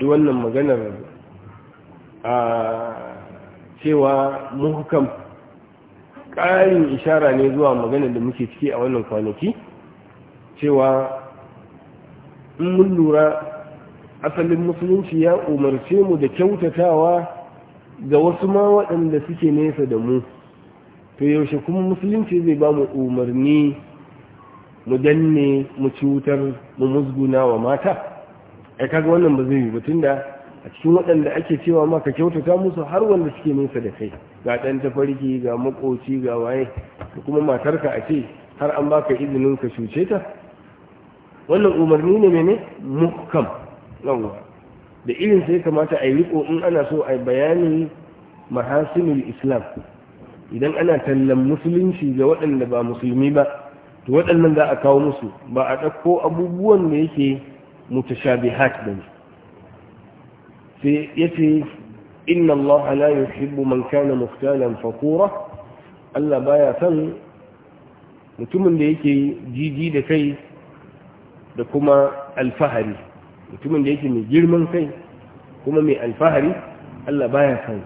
duk wannan maganar a cewa muhkam ƙarin ishara ne zuwa maganar da muke ciki a wannan kwanaki cewa in mun lura asalin musulunci ya umarce mu da kyautatawa ga wasu ma waɗanda suke nesa da mu to yaushe kuma musulunci zai ba mu umarni mu danne mu cutar mu musguna wa mata ai kaga wannan ba zai yi ba tunda a cikin waɗanda ake cewa maka kyautata musu har wanda suke nesa da kai ga ɗan tafarki ga makoci ga waye da kuma matarka a ce har an baka izinin ka cuce ta wannan umarni ne mene mukam yawwa da irin sai kamata a yi riko in ana so a bayani mahasinul islam idan ana tallan musulunci ga waɗanda ba musulmi ba to waɗannan za a kawo musu ba a ɗauko abubuwan da yake mutashabihat bane sai yace inna Allah la yuhibbu man kana muftalan fakura Allah baya san mutumin da yake jiji da kai da kuma alfahari mutumin da yake mai girman kai kuma mai alfahari Allah baya san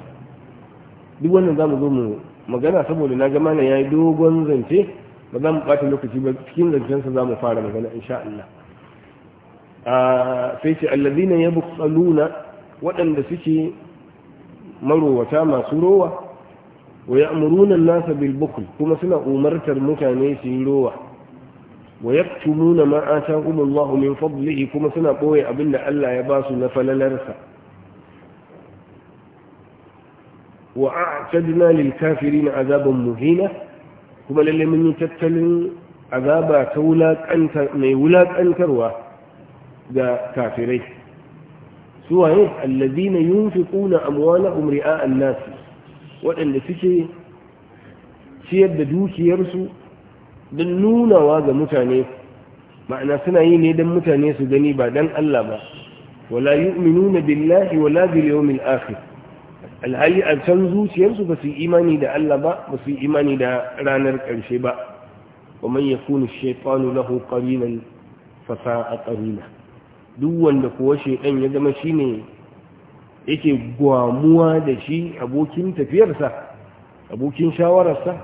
duk wannan zamu zo mu magana saboda na ga mana yayi dogon zance ba za mu bata lokaci ba cikin zancensa za mu fara magana insha Allah sai ce ya yabqaluna waɗanda suke marowata masu rowa wa ya'muruna an-nasa bil kuma suna umartar mutane su yi rowa wa yaktumuna ma atahumullahu min fadlihi kuma suna abin abinda Allah ya basu na falalarsa wa a'tadna lil na azaban muhina kuma lallai mun yi tattalin azaba ta mai wulaƙantarwa ga kafirai su waye allazina yunfiquna amwalahum ri'a an-nas waɗanda suke ciyar da dukiyarsu don nunawa ga mutane ma'ana suna yi ne don mutane su gani ba don Allah ba wala yu'minuna billahi wala bil yawmil akhir alhali a can zuciyarsu ba su yi imani da Allah ba ba su yi imani da ranar ƙarshe ba wa man yakunu shaytanu lahu qarinan fa sa'a duk wanda kuwa shaidan ya zama ne yake gwamuwa da shi abokin tafiyarsa abokin shawararsa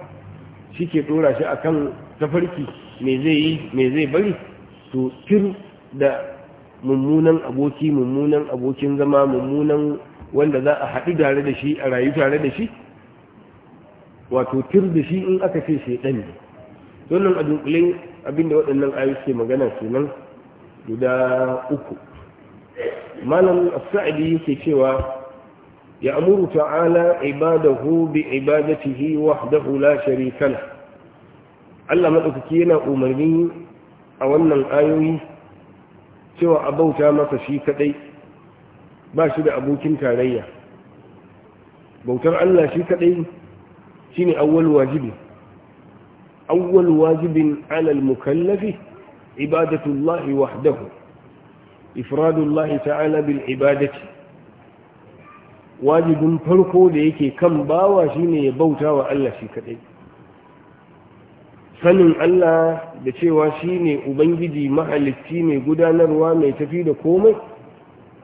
shi ke dora shi a kan tafarki me zai yi me zai bari to kir da mummunan aboki mummunan abokin zama mummunan wanda za a haɗu tare da shi a rayu tare da shi wato tir da shi in aka ce shaidan ne sannan a dunkule abinda waɗannan ayu ke magana sunan. guda uku malam sa'adi yake cewa ya amuru ta'ala ibadahu bi ibadatihi wahdahu la sharika la Allah madaukaki yana umarni a wannan ayoyi cewa a masa shi kadai ba shi da abokin tarayya bautar Allah shi kadai shine awwal wajibi awwal wajibin alal mukallafi عبادة الله وحده إفراد الله تعالى بالعبادة واجب فرقو ليك كم باوا شيني يبوتا وألا شكري sanin Allah da cewa shi ne Ubangiji mahalicci mai gudanarwa mai tafi da komai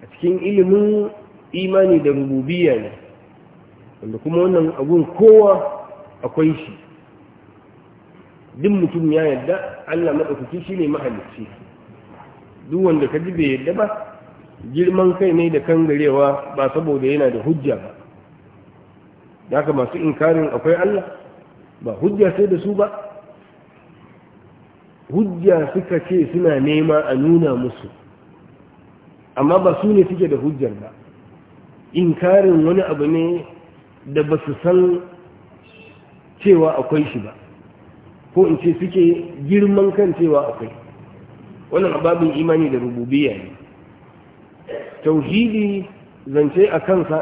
a cikin ilimin imani da rububiya ne wanda kuma wannan abun kowa akwai shi duk mutum ya yadda, Allah maɗaukaki shine mahalicci duk wanda ka ji bai yarda ba girman kai ne da kangarewa ba saboda yana da hujja ba da haka masu inkarin akwai Allah ba hujja sai da su ba hujja suka ce suna nema a nuna musu amma ba su ne suke da hujjar ba inkarin wani abu ne da ba su san cewa akwai shi ba ko in ce suke girman kan cewa akwai wannan ababin imani da rububiya ne tauhidi zance a kansa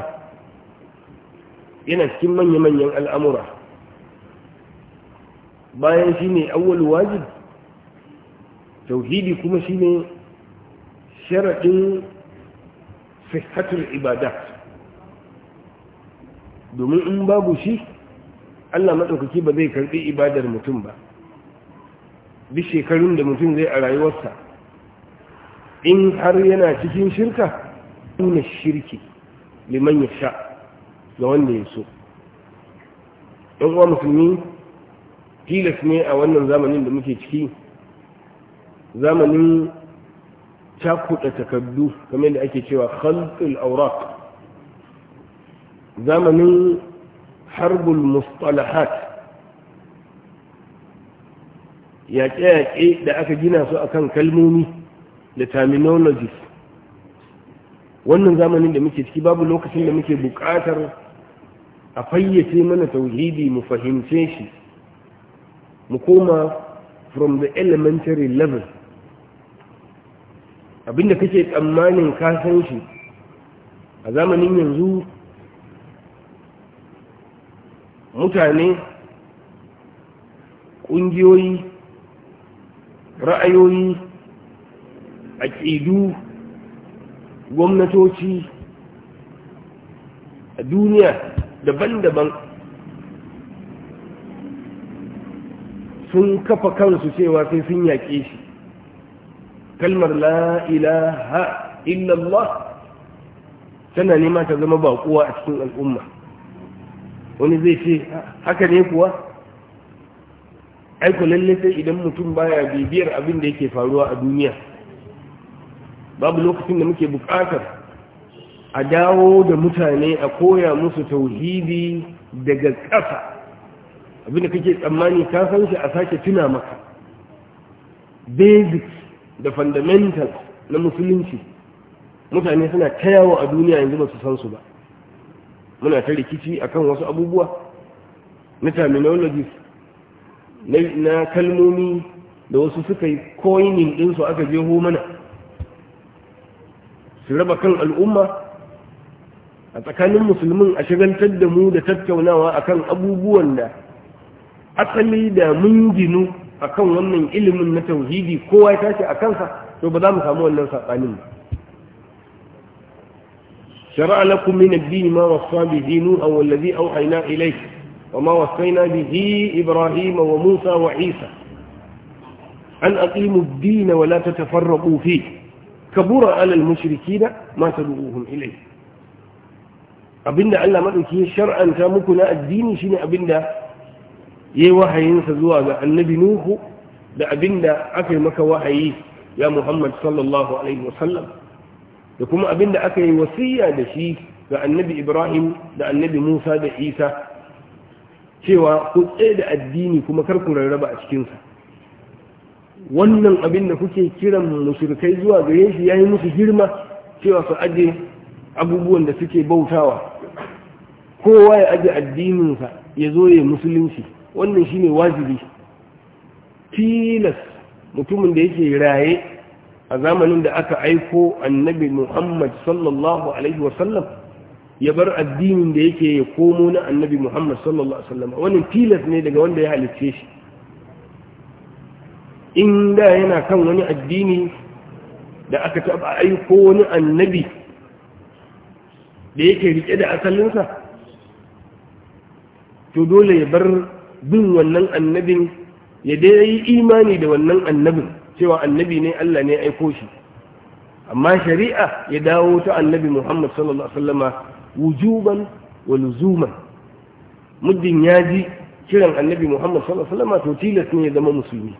yana cikin manya-manyan al'amura bayan shi ne awwal wajib tauhidi kuma shi ne sharaɗin sihatul ibadat domin in babu shi Allah maɗaukaki ba zai karɓi ibadar mutum ba duk shekarun da mutum zai a rayuwarsa in har yana cikin shirka nuna shirki liman ya sha ga wanda ya so ɗan uwa musulmi tilas ne a wannan zamanin da muke ciki zamanin cakuɗa takardu kamar da ake cewa khalqul aurak zamanin harbul المصطلحات yaƙe-yaƙe da aka gina su akan kalmomi da terminologies wannan zamanin da muke ciki babu lokacin da muke buƙatar a fayyace mana tauhidi mu fahimce shi mu koma from the elementary level abinda kake tsammanin ka san shi a zamanin yanzu mutane ƙungiyoyi ra'ayoyi aƙidu gwamnatoci a duniya daban-daban sun kafa kansu cewa sai sun yaƙe shi kalmar la'ilaha illallah tana nema ta zama baƙuwa a cikin al'umma wani zai ce haka ne kuwa aiko lalle sai idan mutum baya bibiyar abin da yake faruwa a duniya babu lokacin da muke bukatar a dawo da mutane a koya musu tauhidi daga ƙasa abin da kake tsammani ka san shi a sake tuna maka basic da fundamental na musulunci mutane suna tayawa a duniya yanzu ba su san su ba muna ta rikici akan wasu abubuwa na terminologies na kalmomi da wasu suka yi koyinin ɗinsu aka je mana su raba kan al'umma a tsakanin musulmin a shigantar da mu da tattaunawa akan abubuwan da asali da mun ginu akan wannan ilimin na tauhidi kowa ya tashi a kansa to ba za mu samu wannan saɓanin ba شرع لكم من الدين ما وصى به نوح والذي أوحينا إليه وما وصينا به إبراهيم وموسى وعيسى أن أقيموا الدين ولا تتفرقوا فيه كبر على المشركين ما تدعوهم إليه أبنى ألا مدركي شرعا كامكنا الدين شنع أبنى يوحى ينسزوا هذا النبي نوح لأبنى أكل مكواحيه يا محمد صلى الله عليه وسلم da kuma abin da aka yi wasiya da shi ga annabi ibrahim da annabi musa da isa cewa ku tsaye da addini kuma kar ku rarraba a cikinsa wannan abin da kuke kiran mushrikai zuwa gare shi yayi musu girma cewa su aje abubuwan da suke bautawa kowa ya aje addininsa ya zo ya musulunci wannan shine wajibi tilas mutumin da yake raye a zamanin da aka aiko annabi Muhammad sallallahu alaihi wasallam ya bar addinin da yake ya komo na annabi Muhammad sallallahu alaihi wasallam wannan tilas ne daga wanda ya halicce shi in da yana kan wani addini da aka taba aiko wani annabi da yake rike da asalinsa to dole ya bar bin wannan annabin ya dai imani da wannan annabin cewa annabi ne Allah ne aiko shi amma shari'a ya dawo ta annabi Muhammad sallallahu alaihi wasallama wujuban wa luzuman muddin ya ji kiran annabi Muhammad sallallahu alaihi wasallama to tilas ne ya zama musulmi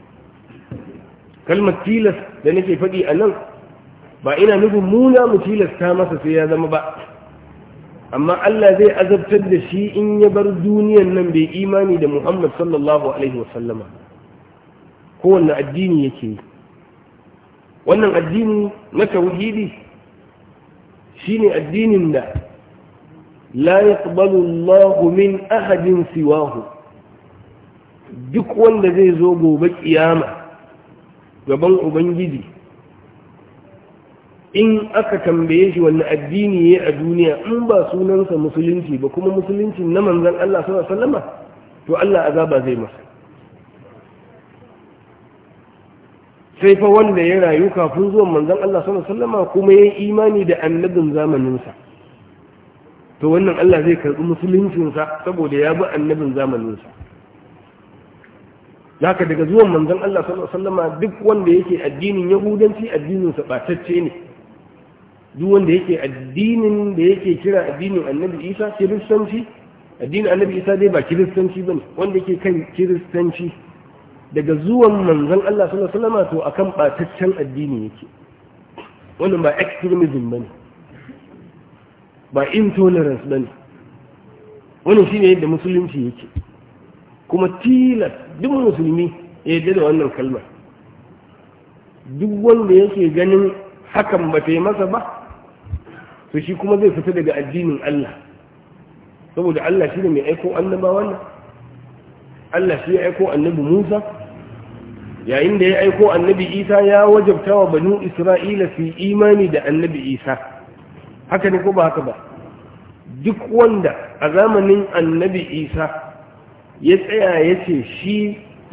kalmar tilas da nake faɗi a nan ba ina nufin muna mu tilasta masa sai ya zama ba amma Allah zai azabtar da shi in ya bar duniyan nan bai imani da Muhammad sallallahu alaihi wasallama kowanne addini yake yi wannan addini na tauhidi shine addinin da la yaqbalu Allahu min ahadin siwahu duk wanda zai zo gobe kiyama gaban ubangiji in aka tambaye shi wani addini ya a duniya in ba sunansa musulunci ba kuma musulunci na manzan Allah sallallahu alaihi to Allah azaba zai masa sai fa wanda ya rayu kafin zuwan manzon Allah sallallahu alaihi wasallam kuma yayi imani da annabin zamanin sa to wannan Allah zai karbi musuluncin sa saboda ya bi annabin zamanin sa zaka daga zuwan manzon Allah sallallahu alaihi wasallam duk wanda yake addinin yahudanci addinin sa batacce ne duk wanda yake addinin da yake kira addinin annabi Isa kiristanci addinin annabi Isa dai ba kiristanci bane wanda yake kan kiristanci daga zuwan manzan Allah sallallahu alaihi wasallam to akan bataccen addini yake wannan ba extremism bane ba intolerance bane wannan shine yadda musulunci yake kuma tilas duk musulmi ya yarda da wannan kalmar duk wanda yake ganin hakan ba ta yi masa ba to shi kuma zai fita daga addinin Allah saboda Allah shi ne mai aiko annaba wannan Allah shi ya aiko annabi Musa yayin da ya aiko annabi isa ya wajabta wa banu isra'ila su imani da annabi isa haka ne ko ba haka ba duk wanda a zamanin annabi isa ya tsaya ya ce shi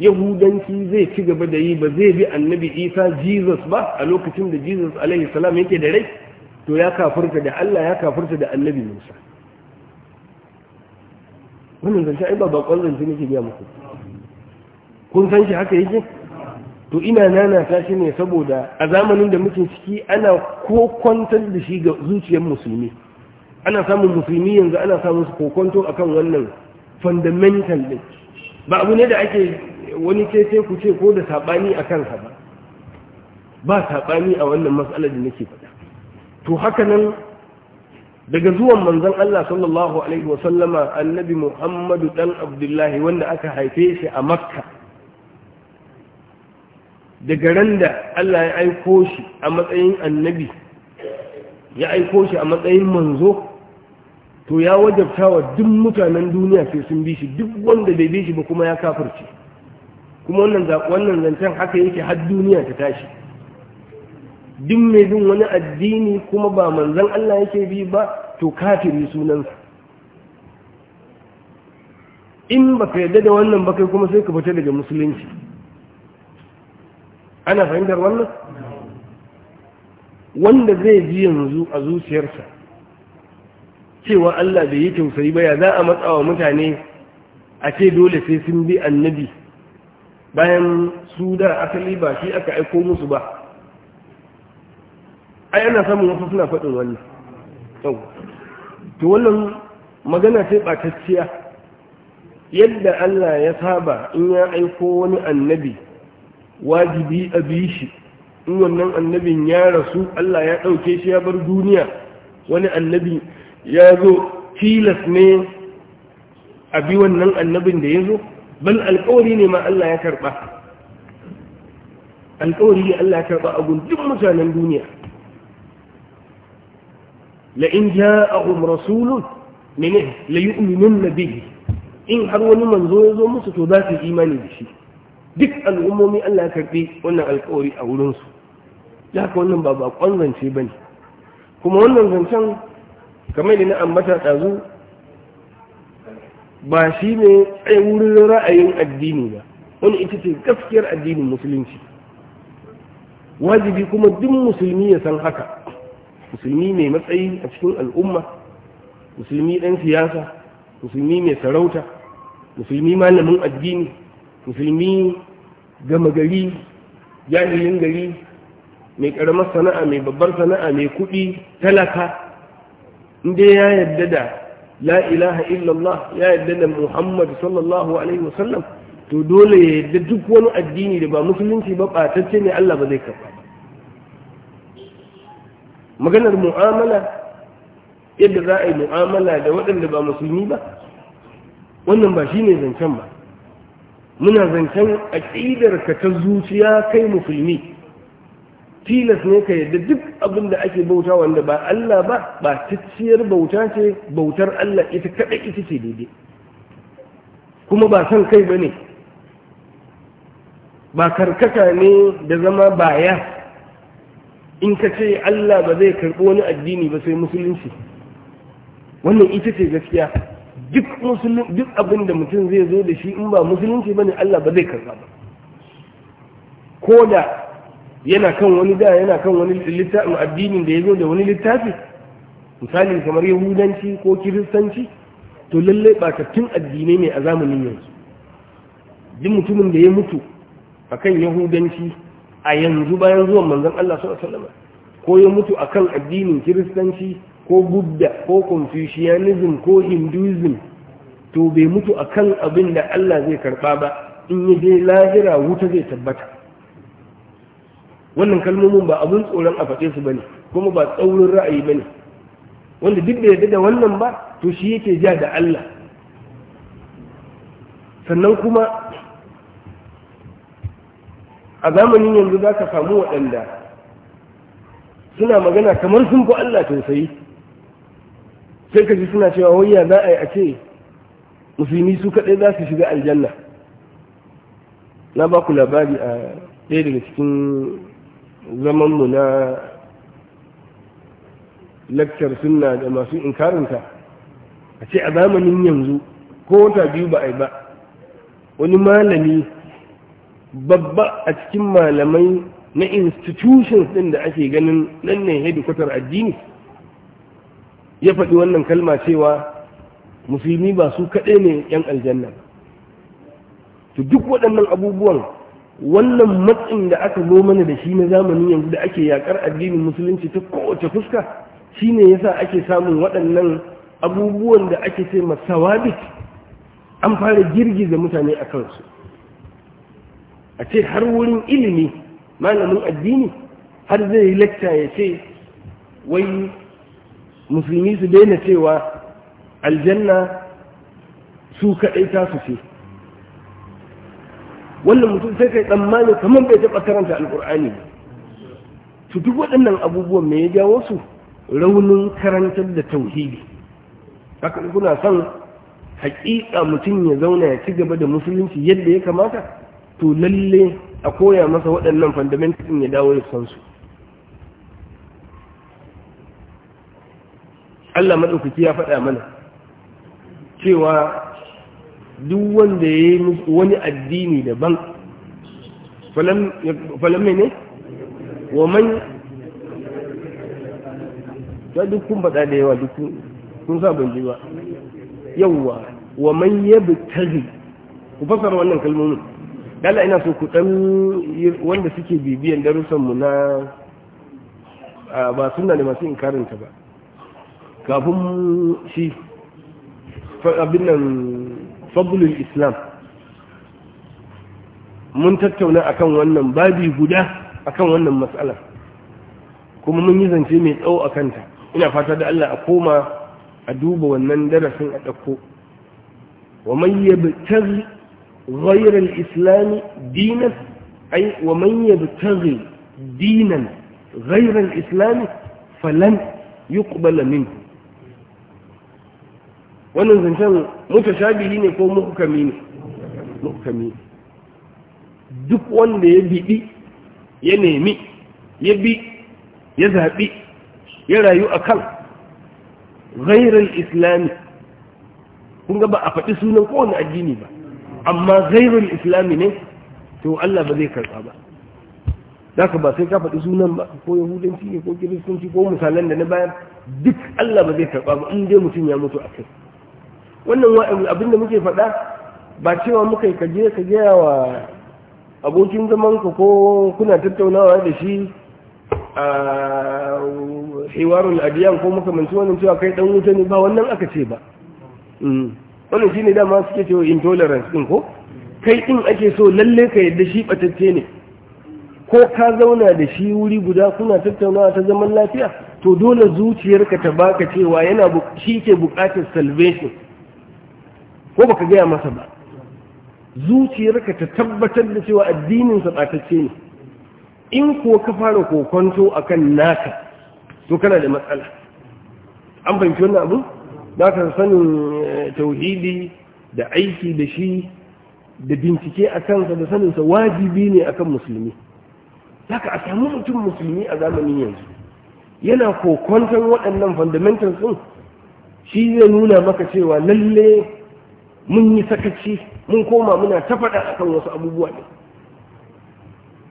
yahudanci zai ci gaba da yi ba zai bi annabi isa jesus ba a lokacin da jesus alaihi salam yake da rai to ya kafurta da allah ya kafurta da annabi musa wannan zance ai ba bakon zance nake biya muku kun san shi haka yake to ina na shi ne saboda a zamanin da muke ciki ana ko da shi ga zuciyar musulmi ana samun musulmi yanzu ana samun su kokonto kan wannan fundamental din ba abu ne da ake wani ce ku ce ko da saɓani a kansa ba ba saɓani a wannan matsalar da nake faɗa to haka nan daga zuwan manzon Allah sallallahu alaihi wasallama annabi Muhammadu dan Abdullahi wanda aka haife shi a Makka daga ran da Allah ya aiko shi a matsayin annabi ya aiko shi a matsayin manzo to ya wajabta wa duk mutanen duniya sai sun bi shi duk wanda bai bi shi ba kuma ya kafirce kuma wannan wannan zancen haka yake har duniya ta tashi duk mai bin wani addini kuma ba manzon Allah yake bi ba to kafiri sunansa in ba ka yarda da wannan ba kai kuma sai ka fita daga musulunci ana fahimtar wannan wanda zai ji yanzu a zuciyarsa cewa Allah bai yi tausayi ba ya za a matsawa mutane a ce dole sai sun bi annabi bayan su da asali ba shi aka aiko musu ba ai ana samun wasu suna faɗin wannan to wannan magana sai ɓatacciya yadda Allah ya saba in ya aiko wani annabi wajibi a bi shi in wannan annabin ya rasu Allah ya ɗauke shi ya bar duniya wani annabi ya zo tilas ne a bi wannan annabin da ya zo bal alkawari ne ma Allah ya karɓa alkawari ne Allah ya karɓa a duk mutanen duniya la'in ja'ahum rasulun mene la yi yu'minun bihi in har wani manzo ya zo musu to za su imani da shi duk al'ummomi Allah ya karɓi wannan alƙawari a wurinsu ya haka wannan ba bakon zance ba ne kuma wannan zancen kamar da na ambata ɗazu ba shi ne tsaye wurin ra'ayin addini ba wani ita ce gaskiyar addinin musulunci wajibi kuma duk musulmi ya san haka musulmi mai matsayi a cikin al'umma musulmi ɗan siyasa musulmi mai sarauta musulmi malamin addini musulmi gama gari jahilin gari mai karamar sana'a mai babbar sana'a mai kuɗi talaka inda ya yadda da la ilaha illallah ya yadda da Muhammadu sallallahu alaihi wasallam to dole ya yadda duk wani addini da ba musulunci ba ɓatacce ne allah ba zai kafa. maganar mu'amala yadda za a yi mu'amala da waɗanda ba musulmi ba wannan ba shi ne zancen ba muna zancen aƙidar ka ta zuciya kai musulmi tilas ne ka yadda duk abin da ake bauta wanda ba Allah ba ba ticciyar bauta ce bautar Allah ita kaɗa ita ce daidai kuma ba son kai ba ne ba karkata ne da zama baya in ka ce Allah ba zai karɓi wani addini ba sai musulunci wannan ita ce gaskiya duk musulmi duk abin da mutum zai zo da shi in ba musulunci bane Allah ba zai karba ba ko da yana kan wani da yana kan wani littafin addinin da ya zo da wani littafi misali kamar yahudanci ko kiristanci to lallai tun addinai ne a zamanin yanzu duk mutumin da ya mutu akan yahudanci a yanzu bayan zuwan manzon Allah sallallahu alaihi wasallam ko ya mutu akan addinin kiristanci ko buddha ko confucianism ko hinduism to bai mutu akan abin da Allah zai karba ba in ya je lahira wuta zai tabbata wannan kalmomin ba abin tsoron a faɗe su bane kuma ba tsaurin ra'ayi bane wanda duk da yada da wannan ba to shi yake ja da Allah sannan kuma a zamanin yanzu za ka samu waɗanda suna magana kamar sun fi Allah tausayi sai ka ji suna cewa wayya za a yi a ce musulmi su kaɗai za su shiga aljanna na ba ku labari a ɗaya daga cikin zamanmu na lakcar sunna da masu inkarinta a ce a zamanin yanzu ko wata biyu ba a yi ba wani malami babba a cikin malamai na institutions ɗin da ake ganin nan ne hedikwatar addini ya faɗi wannan kalma cewa musulmi ba su kaɗai ne 'yan aljanna to duk waɗannan abubuwan wannan matsin da aka zo mana da shi na zamani yanzu da ake yaƙar addinin musulunci ta kowace fuska shine yasa ake samun waɗannan abubuwan da ake ce masawabit an fara girgiza mutane a kansu a ce har wurin ilimi malamin addini har zai lakta ya ce wai musulmi su daina cewa aljanna su kaɗai ta su ce wannan mutum sai kai tsammani kamar bai taɓa karanta alƙur'ani su duk waɗannan abubuwan mai ya jawo su raunin karantar da tauhidi haka kuna son haƙiƙa mutum ya zauna ya ci gaba da musulunci yadda ya kamata to lalle a koya masa waɗannan fundamental ya dawo ya san su Allah maɗaukaki ya faɗa mana cewa duk wanda ya yi wani addini daban falon ne wa man ya dukkan faɗa da yawa dukkan kun sa ban ji ba yawwa wa man ya tari ku fasar wannan kalmomin dala ina so ku ɗan wanda suke bibiyan darussanmu na ba suna da masu inkarinta ba kafin shi abin nan fadlul islam mun tattauna akan wannan babi guda akan wannan matsala kuma mun yi zance mai tsawo a kanta ina fata da Allah a koma a duba wannan darasin a ɗauko wa man yabtaghi ghayra al-islam dinan ay wa man yabtaghi dinan ghayra al-islam falan yuqbala minhu wannan zancen mutashabihi ne ko kami ne kami duk wanda ya biɗi ya nemi ya bi ya zaɓi ya rayu a kan ghairar islami kun ga ba a faɗi sunan kowane addini ba amma ghairar islami ne to Allah ba zai karɓa ba zaka ba sai ka faɗi sunan ba ko yahudanci ne ko kiristanci ko misalan da na bayan duk Allah ba zai karɓa ba in dai mutum ya mutu a kai wannan abin da muke faɗa ba cewa muka yi kaje ka gaya wa abokin zamanka ko kuna tattaunawa da shi a hewarun adiyan ko makamanci wannan cewa kai dan wuta ne ba wannan aka ce ba mm. wannan shi ne dama suke cewa intolerance din ko kai din ake so lalle ka yadda shi batacce ne ko ka zauna da shi wuri guda kuna tattaunawa ta zaman lafiya to dole zuciyarka ta baka cewa yana shi ke bukatar salvation ko baka gaya masa ba zuciyarka ta tabbatar da cewa addininsa tsatacce ne in ko ka fara kokonto akan naka to kana da matsala an fahimci wannan abu da ka sanin eh, tauhidi da aiki da shi da bincike a kansa da saninsa wajibi ne akan musulmi haka a samu mutum musulmi a zamanin yanzu yana kokonton waɗannan fundamentals ɗin shi zai nuna maka cewa lalle mun yi sakaci mun koma muna ta faɗa akan wasu abubuwa ne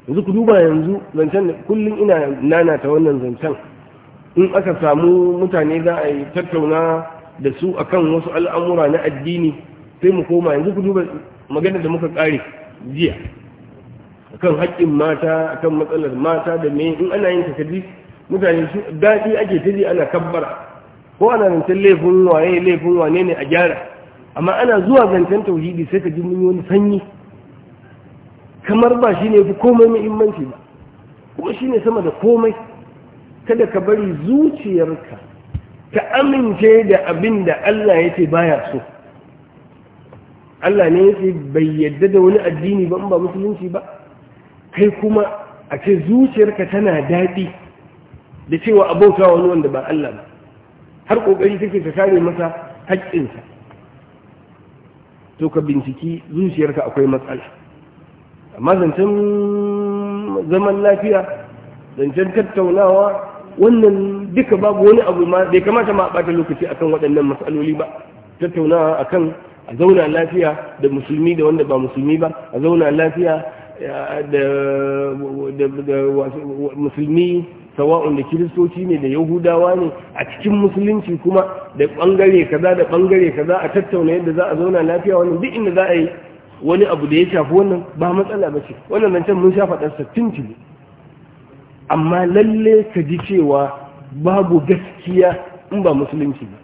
yanzu ku duba yanzu zancen da kullum ina nana ta wannan zancen in aka samu mutane za a yi tattauna da su akan wasu al'amura na addini sai mu koma yanzu ku duba magana da muka ƙare jiya akan haƙƙin mata akan matsalar mata da me in ana yin takardi mutane su daɗi ake taji ana kabbara ko ana zancen laifin waye laifin wane ne a gyara amma ana zuwa zancen tauhidi sai ka ji mun wani sanyi kamar ba shi ne fi komai muhimmanci ba kuma shi ne sama da komai kada ka bari zuciyarka ta amince da abin da Allah ya ce baya so Allah ne ya ce bai yadda da wani addini ba ba musulunci ba kai kuma a ce zuciyarka tana daɗi da cewa abauta wani wanda ba Allah ba har ƙoƙari take ka kare masa haƙƙinsa to ka binciki zuciyarka akwai matsala amma zancen zaman lafiya zancen tattaunawa wannan duka babu wani abu ma bai kamata ma a ɓata lokaci akan waɗannan matsaloli ba tattaunawa akan a zauna lafiya da musulmi da wanda ba musulmi ba a zauna lafiya da musulmi sawa'un da kiristoci ne da yahudawa ne a cikin musulunci kuma da bangare kaza da bangare kaza a tattauna yadda za a zauna lafiya wannan duk inda za a yi wani abu da ya shafi wannan ba matsala ba ce wannan nan can mun sha faɗar sattin tuni amma lalle ka ji cewa babu gaskiya in ba musulunci ba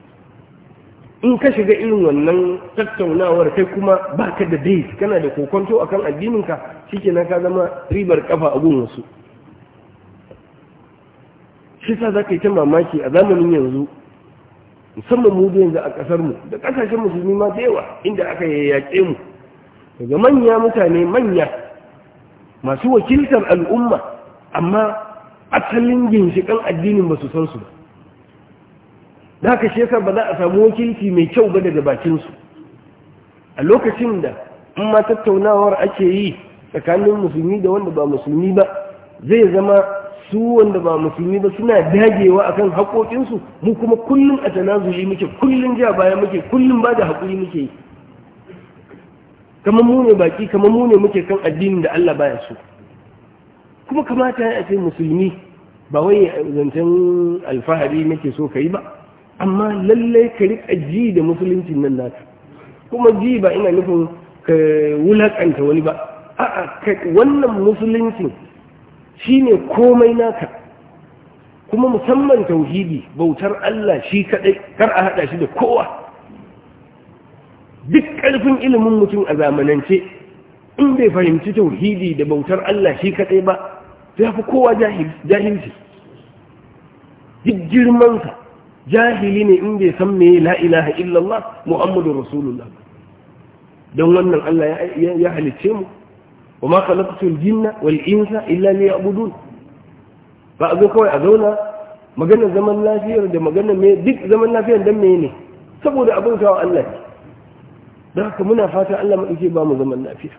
in ka shiga irin wannan tattaunawar kai kuma baka da dai kana da kokonto akan addininka shikenan ka zama ribar kafa a wasu shi sa za ka yi ta mamaki a zamanin yanzu musamman mu yanzu a ƙasarmu da ƙasashen musulmi ma da yawa inda aka yaƙe mu daga manya mutane manya masu wakiltar al'umma amma asalin ginshiƙan addinin ba su san su ba da haka shi yasa ba za a samu wakilci mai kyau ba daga bakinsu a lokacin da in ma tattaunawar ake yi tsakanin musulmi da wanda ba musulmi ba zai zama su wanda ba musulmi ba suna dagewa akan haƙoƙinsu mu kuma kullum a tanazuli muke kullum ja baya muke kullum ba da haƙuri muke yi kamar mu ne kamar mu muke kan addinin da Allah baya so kuma kamata ya ce musulmi ba wai zancen alfahari muke so ka yi ba amma lallai ka riƙa ji da musulunci nan naka kuma ji ba ina nufin ka wulakanta wani ba a'a wannan musulunci Shi ne komai naka kuma musamman tauhidi bautar Allah shi kadai kar a hada shi da kowa duk karfin ilimin mutum a zamanance in bai fahimci tauhidi da bautar Allah shi kadai ba ya fi kowa jahilci duk girmansa jahili ne in bai san meye la ilaha illallah muhammadu rasulullah don wannan Allah ya halicce mu wa ma khalaqtul jinna wal insa illa liya'budun ba a zo kawai a zauna maganar zaman lafiyar da duk zaman lafiyar dan me ne saboda abin kawo Allah da haka muna fata Allah mu yake ba mu zaman lafiya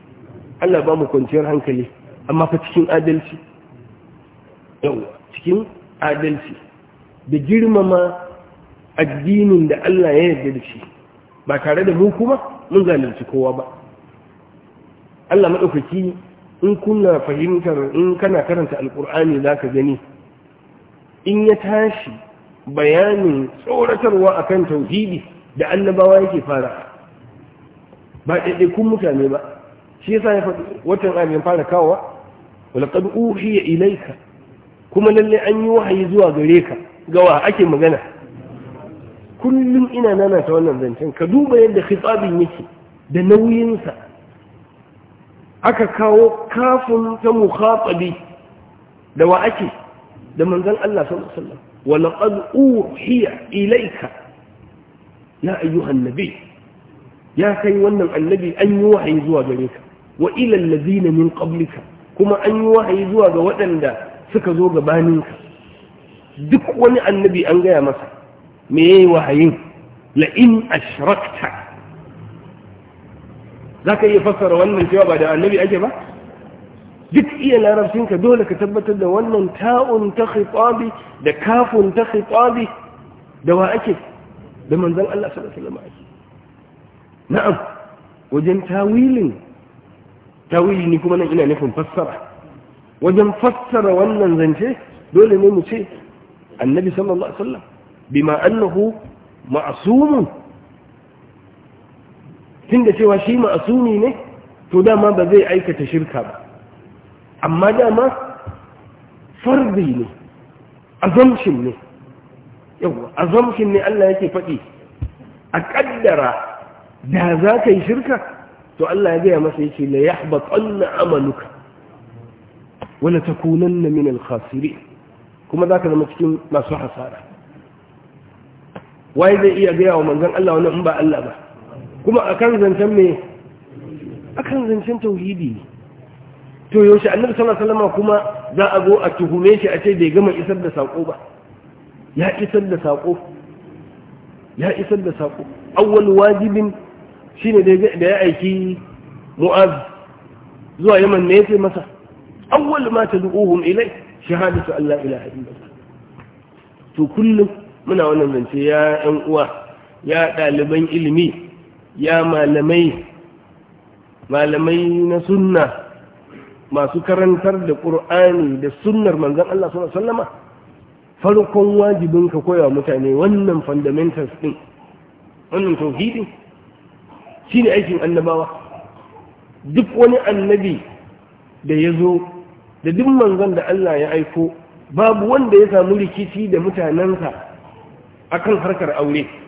Allah ba mu kwanciyar hankali amma fa cikin adalci yawa cikin adalci da girmama addinin da Allah ya yarda da ba tare da mu kuma mun zalunci kowa ba Allah maɗaukaki in kuna fahimtar in kana karanta alkur'ani za ka gani in ya tashi bayanin tsoratarwa akan tauhidi da annabawa yake fara ba ɗaiɗaikun mutane ba shi yasa ya faɗi watan amin fara kawowa walaqad uhiya ilayka kuma lalle an yi wahayi zuwa gare ka gawa ake magana kullum ina nana ta wannan zancen ka duba yadda hitsabin yake da nauyinsa aka kawo kafin ta mukhatabi da wa ake da manzon Allah sallallahu alaihi wasallam wa laqad uhiya ilayka ya ayyuhan nabi ya kai wannan annabi an yi wahayi zuwa gare ka wa ila allazina min qablika kuma an yi wahayi zuwa ga waɗanda suka zo gabaninka duk wani annabi an gaya masa me yayi wahayin la in ashrakta za ka iya fassara wannan cewa ba da annabi ake ba duk iya larabcinka dole ka tabbatar da wannan ta'un ta khitabi da kafun ta khitabi da wa ake da manzon Allah sallallahu alaihi wasallam ake na'am wajen tawilin tawili ni kuma nan ina nufin fassara wajen fassara wannan zance dole ne mu ce annabi sallallahu alaihi wasallam bima annahu ma'sumun tun da cewa shi ma'asumi ne to dama ba zai aikata shirka ba amma dama farzi ne azamshin ne yawwa azamshin ne Allah yake faɗi a ƙaddara da za ka yi shirka to Allah ya gaya masa yake la yahbatanna amaluka wala takunanna min al-khasirin kuma za ka zama cikin masu hasara waye zai iya gaya wa manzon Allah wani in ba Allah ba kuma akan zancen me akan zancen tauhidi to yaushe annabi sallallahu alaihi wasallam kuma za a zo a tuhume shi a ce bai gama isar da saƙo ba ya isar da saƙo? ya isar da sako awwal wajibin shine da ya aiki mu'az zuwa yaman ne yace masa awwal ma tad'uhum ilai shahadatu an la ilaha illallah to kullum muna wannan zance ya yan uwa ya ɗaliban ilimi ya malamai malamai na sunna masu karantar da ƙur'ani da sunnar manzan Allah suna sallama farkon wajibin ka koya mutane wannan fundamentals ɗin wannan tauhidin shi ne aikin annabawa duk wani annabi da ya zo da duk manzan da Allah ya aiko babu wanda ya samu rikici da mutanensa akan harkar aure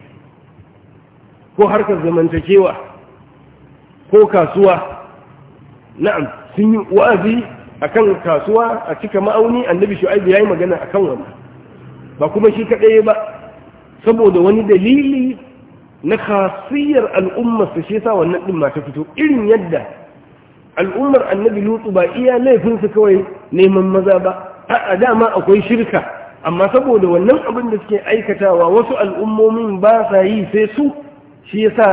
ko harkar zamantakewa ko kasuwa na'am sun yi wa'azi akan kasuwa a cika ma'auni annabi shu'aibu yayi magana akan wannan ba kuma shi kadai ba saboda wani dalili na khasiyar al'ummar su shi sa wannan din ma ta fito irin yadda al'ummar annabi lutu ba iya laifin su kawai neman maza ba a dama akwai shirka amma saboda wannan abin da suke aikatawa wasu al'ummomin ba sa yi sai su shi ya sa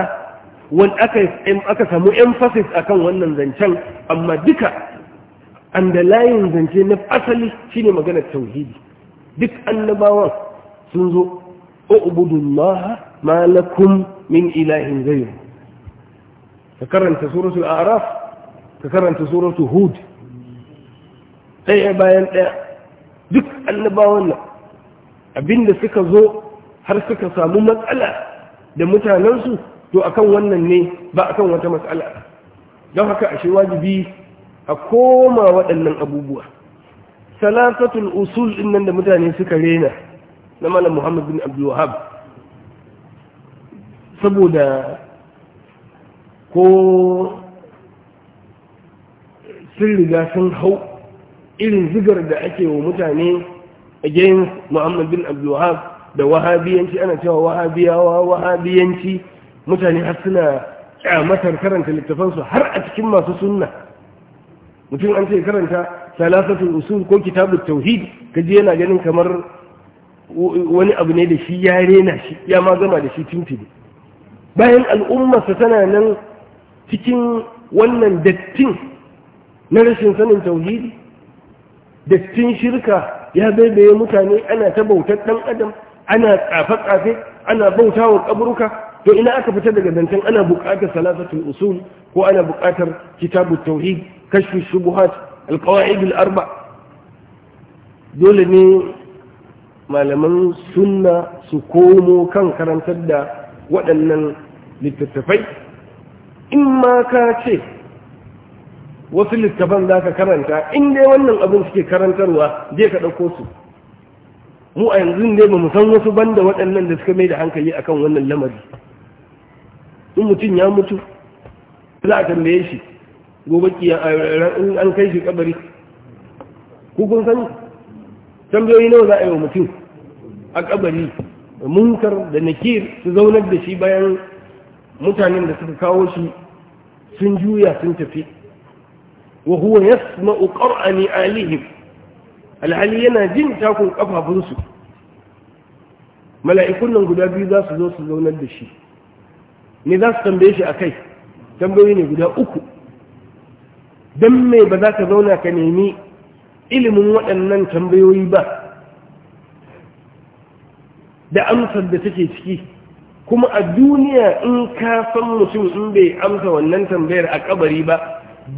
wani aka samu emphasis kan wannan zancen amma duka underlying zance na asali shine maganar tauhidi duk annabawan sun zo ubudullaha ma malakun min ilahin ghayr ka karanta suratul a'raf ka karanta suratul hud ɗaya bayan ɗaya duk annabawan nan abinda suka zo har suka samu matsala da mutanensu to akan wannan ne ba a kan wata matsala don haka ashe wajibi a koma waɗannan abubuwa salasatul usul din nan da mutane suka rena na malam muhammad bin abdul saboda ko sun riga sun hau irin zigar da ake wa mutane against muhammad bin abdul da wahabiyanci ana cewa wahabiyawa wahabiyanci mutane har suna kyamatar karanta littafansu har a cikin masu sunna mutum an ce karanta salasatul usul ko kitabut tauhid kaji yana ganin kamar wani abu ne da shi ya rena shi ya ma gama da shi tuntuni bayan al'ummarsa tana nan cikin wannan dattin na rashin sanin tauhidi dattin shirka ya baibaye mutane ana ta bautar ɗan adam ana tsafe-tsafe ana bauta wa kaburuka to ina aka fita daga dantan ana buƙatar salafatul usul ko ana buƙatar kitabut tauhid kashi shubuhat alqawaid al-arba dole ne malaman sunna su komo kan karantar da waɗannan littattafai in ma ka ce wasu littafan za ka karanta in dai wannan abin suke karantarwa zai ka ɗauko su mu a yanzu ne ba mu san wasu banda waɗannan da suka mai da hankali akan wannan lamari in mutum ya mutu za a tambaye shi gobe in an kai shi kabari ku kun sani tambayoyi nawa za a yi wa mutum a kabari munkar da nakir su zaunar da shi bayan mutanen da suka kawo shi sun juya sun tafi wa huwa yasma'u qur'ani alihim alhali yana jin takun kafafunsu mala'ikun nan guda biyu za su zo su zaunar da shi ne za su tambaye shi a kai tambayoyi ne guda uku don me ba za ka zauna ka nemi ilimin waɗannan tambayoyi ba da amsar da take ciki kuma a duniya in ka san mutum in bai amsa wannan tambayar a kabari ba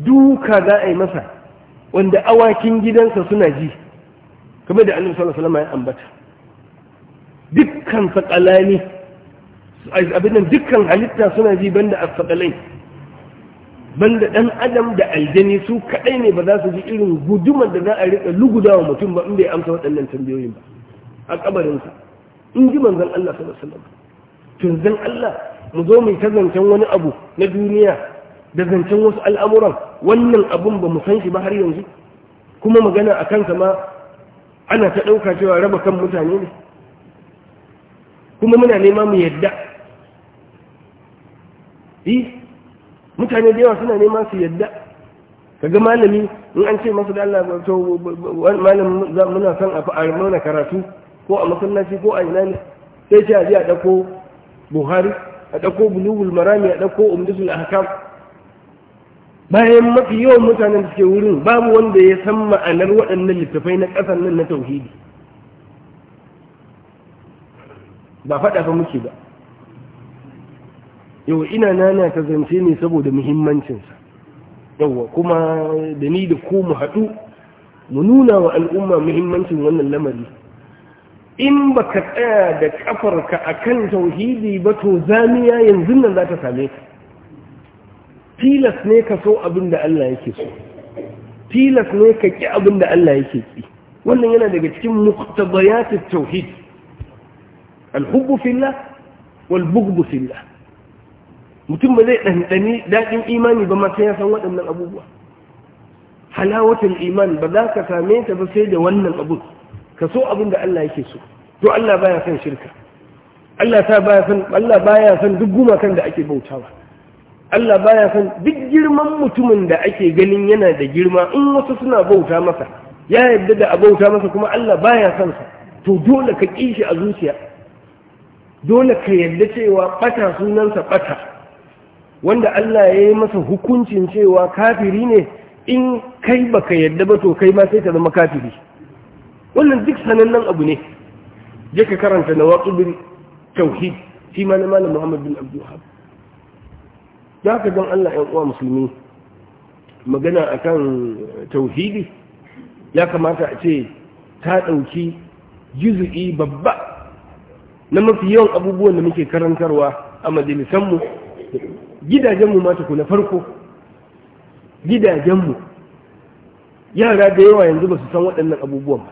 duka za a yi masa wanda awakin gidansa suna ji kuma da annabi sallallahu alaihi wasallam ya ambata dukkan sakalani abin nan dukkan halitta suna ji banda as-sakalai banda dan adam da aljani su kadai ne ba za su ji irin gudumar da za a rika lugudawa mutum ba in bai amsa waɗannan tambayoyin ba a kabarin sa in ji manzon Allah sallallahu alaihi wasallam tunzan Allah mu zo mu ta zancen wani abu na duniya da zancen wasu al'amuran wannan abun ba mu san shi ba har yanzu kuma magana a kansa ma ana ta ɗauka cewa raba kan mutane ne kuma muna nema mu yadda yi mutane da yawa suna nema su yadda kaga malami in an ce masu da Allah to malam muna son a fa'ar mana karatu ko a masallaci ko a ina ne sai ce a ji a ɗauko buhari a ɗako bulugul marami a ɗauko umdatul ahkam bayan mafi yawan mutanen da suke wurin babu wanda ya san ma'anar waɗannan littafai na ƙasar nan na tauhidi ba faɗa fa muke ba yau ina nana ta zance ne saboda muhimmancinsa yauwa kuma da ni da ku mu haɗu mu nuna wa al'umma muhimmancin wannan lamari in ba ka tsaya da ƙafarka a kan tauhidi ba to zamiya yanzu nan za ta same ka tilas ne ka so abin da Allah yake so tilas ne ka ƙi abin da Allah yake ƙi wannan yana daga cikin muqtadayatit tauhid al-hubbu fillah wal bughdu fillah mutum ba zai dandani dadin imani ba ma sai ya san waɗannan abubuwa halawatul iman ba za ka same ta ba sai da wannan abu ka so abin da Allah yake so to Allah baya son shirka Allah ta baya son Allah baya son duk gumakan da ake bautawa Allah baya san duk girman mutumin da ake ganin yana da girma in wasu suna bauta masa ya yarda da a bauta masa kuma Allah baya son sa to dole ka kishi a zuciya dole ka yarda cewa bata sunansa bata wanda Allah ya yi masa hukuncin cewa kafiri ne in kai baka yarda ba to kai ma sai ta zama kafiri wannan duk sanannen abu ne je ka karanta nawaqibul tauhid shi ma na malam Muhammad bin Abdul za ka don Allah ‘yan uwa musulmi magana a kan tauhidi ya kamata a ce ta ɗauki juzu'i babba na mafi yawan abubuwan da muke karantarwa a majalisanmu gidajenmu mata ku na farko gidajenmu yara da yawa yanzu ba su san waɗannan abubuwan ba